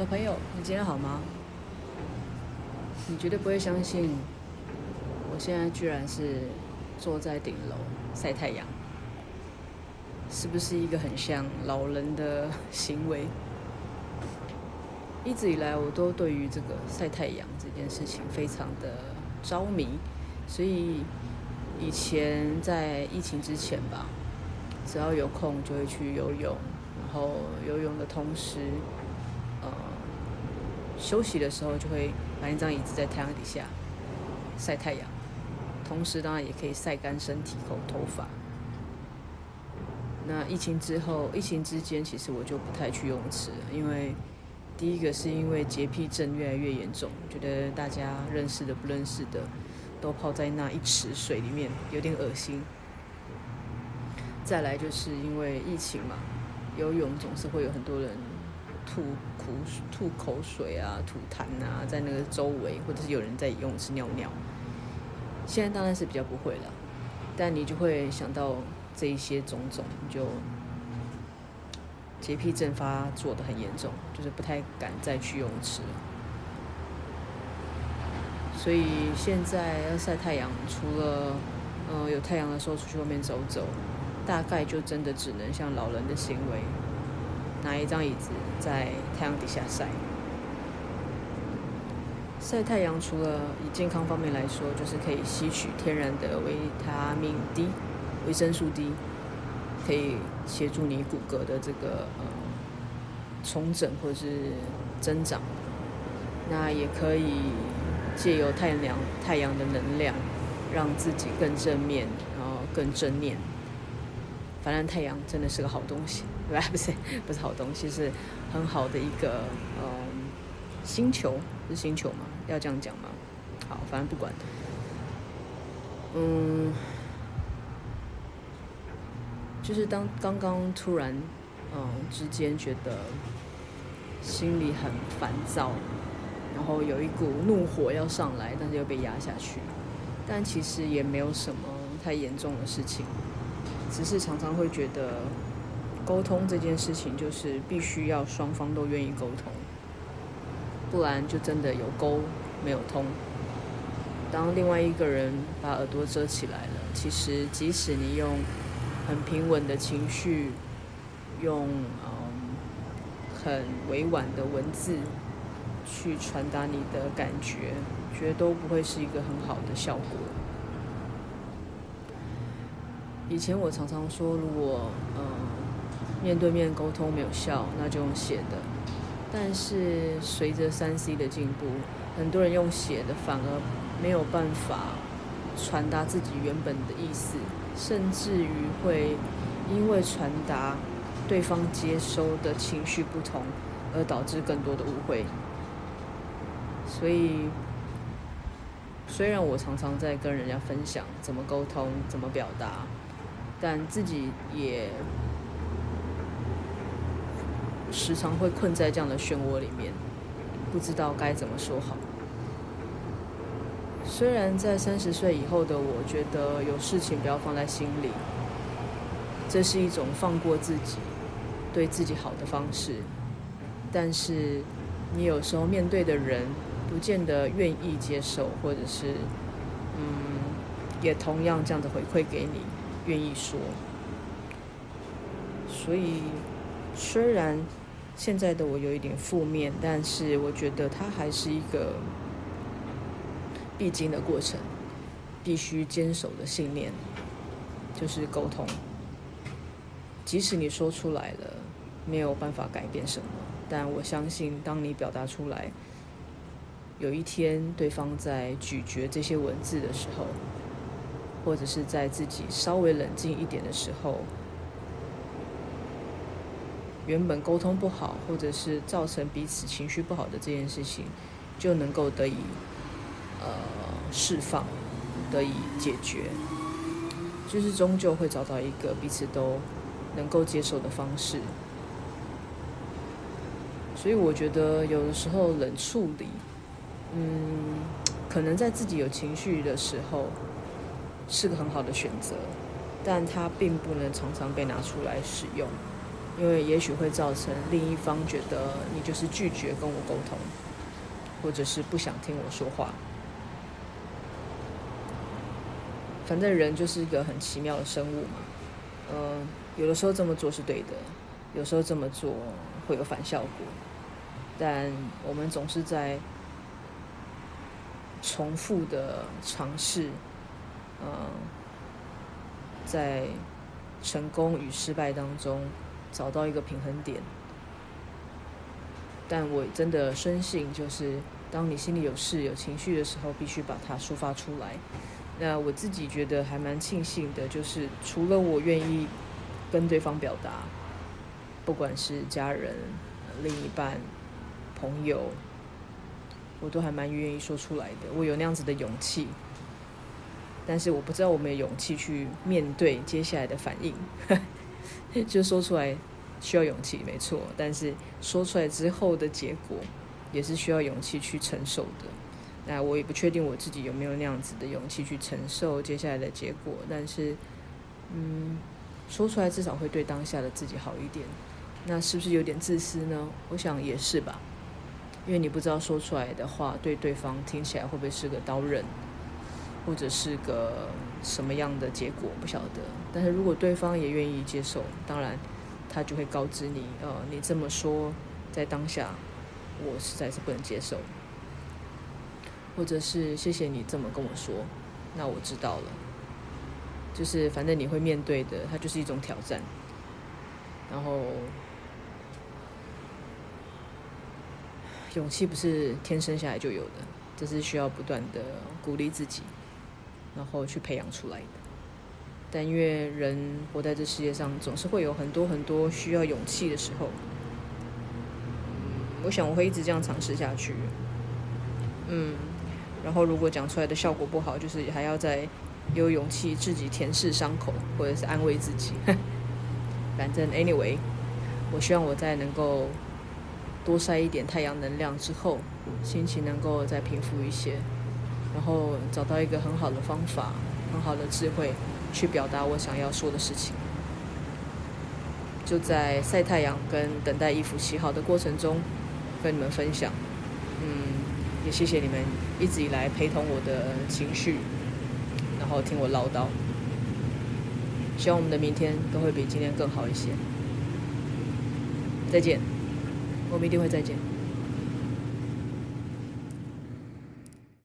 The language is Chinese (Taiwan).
我的朋友，你今天好嗎？你絕對不會相信，我現在居然是坐在頂樓曬太陽，是不是一個很像老人的行為？一直以來，我都對於這個曬太陽這件事情非常的着迷，所以以前在疫情之前吧，只要有空就會去游泳，然後游泳的同時。休息的時候就會搬一張椅子在太陽底下曬太陽，同時當然也可以曬乾身體和頭髮。那疫情之後、疫情之間，其實我就不太去游泳池了，因為第一個是因為潔癖症越來越嚴重，覺得大家認識的、不認識的都泡在那一池水裡面，有點噁心。再來就是因為疫情嘛，游泳總是會有很多人。吐苦吐口水啊，吐痰啊，在那個周圍，或者是有人在游泳池尿尿。現在當然是比較不會了，但你就會想到這一些種種，就潔癖症發作的很嚴重，就是不太敢再去游泳池。所以現在要曬太陽，除了嗯、呃、有太陽的時候出去外面走走，大概就真的只能像老人的行為。拿一張椅子在太陽底下曬，曬太陽除了以健康方面來說，就是可以吸取天然的維他命 D、維生素 D，可以協助你骨骼的這個、嗯、重整或是增長。那也可以借由太陽太陽的能量，讓自己更正面，然後更正面。反正太陽真的是個好東西，對吧？不是，不是好東西，是很好的一個嗯星球，是星球嗎？要這樣講嗎？好，反正不管。嗯，就是當剛剛突然嗯之間覺得心裡很煩躁，然後有一股怒火要上來，但是又被壓下去，但其實也沒有什麼太嚴重的事情。只是常常會覺得，溝通這件事情就是必須要雙方都願意溝通，不然就真的有溝沒有通。當另外一個人把耳朵遮起來了，其實即使你用很平穩的情緒，用嗯很委婉的文字去傳達你的感覺，覺得都不會是一個很好的效果。以前我常常說，如果嗯、呃、面對面溝通沒有效，那就用寫的。但是隨着三 C 的進步，很多人用寫的反而沒有辦法傳達自己原本的意思，甚至於會因為傳達對方接收的情緒不同，而導致更多的誤會。所以雖然我常常在跟人家分享怎麼溝通、怎麼表達。但自己也時常會困在這樣的漩渦裡面，不知道該怎麼說好。雖然在三十歲以後的我，覺得有事情不要放在心裡，這是一種放過自己、對自己好的方式。但是你有時候面對的人，不見得願意接受，或者是嗯，也同樣這樣的回饋給你。願意說，所以雖然現在的我有一點負面，但是我覺得它還是一個必經的過程，必須堅守的信念，就是溝通。即使你說出來了，沒有辦法改變什麼，但我相信，當你表達出來，有一天對方在咀嚼這些文字的時候。或者是在自己稍微冷靜一點的時候，原本溝通不好，或者是造成彼此情緒不好的這件事情，就能夠得以呃釋放，得以解決，就是終究會找到一個彼此都能夠接受的方式。所以我覺得有的時候冷處理，嗯，可能在自己有情緒的時候。是個很好的選擇，但它並不能常常被拿出來使用，因為也許會造成另一方覺得你就是拒絕跟我溝通，或者是不想聽我說話。反正人就是一個很奇妙的生物嘛，嗯，呃，有的時候這麼做是對的，有時候這麼做會有反效果，但我們總是在重複的嘗試。呃、嗯，在成功與失敗當中找到一個平衡點，但我真的深信，就是當你心裡有事、有情緒的時候，必須把它抒發出來。那我自己覺得還蠻慶幸的，就是除了我願意跟對方表達，不管是家人、另一半、朋友，我都還蠻願意說出來的。我有那樣子的勇氣。但是我不知道我沒有勇氣去面對接下來的反應， 就說出來需要勇氣，沒錯。但是說出來之後的結果，也是需要勇氣去承受的。那我也不確定我自己有沒有那樣子的勇氣去承受接下來的結果。但是，嗯，說出來至少會對當下的自己好一點。那是不是有點自私呢？我想也是吧，因為你不知道說出來的話對對方聽起來會不會是個刀刃。或者是個什麼樣的結果，不曉得。但是如果對方也願意接受，當然，他就會告知你，呃，你這麼說，在當下，我實在是不能接受。或者是謝謝你這麼跟我說，那我知道了。就是反正你會面對的，它就是一種挑戰。然後，勇氣不是天生下來就有的，這是需要不斷的鼓勵自己。然後去培養出來的，但因為人活在這世界上，總是會有很多很多需要勇氣的時候。我想我會一直這樣嘗試下去。嗯，然後如果講出來的效果不好，就是還要再有勇氣自己舔舐傷口，或者是安慰自己。 反正 anyway，我希望我在能夠多曬一點太陽能量之後，心情能夠再平復一些。然後找到一個很好的方法，很好的智慧，去表達我想要說的事情。就在曬太陽跟等待衣服洗好的過程中，跟你們分享。嗯，也謝謝你們一直以來陪同我的情緒，然後聽我嘮叨。希望我們的明天都會比今天更好一些。再見，我們一定會再見。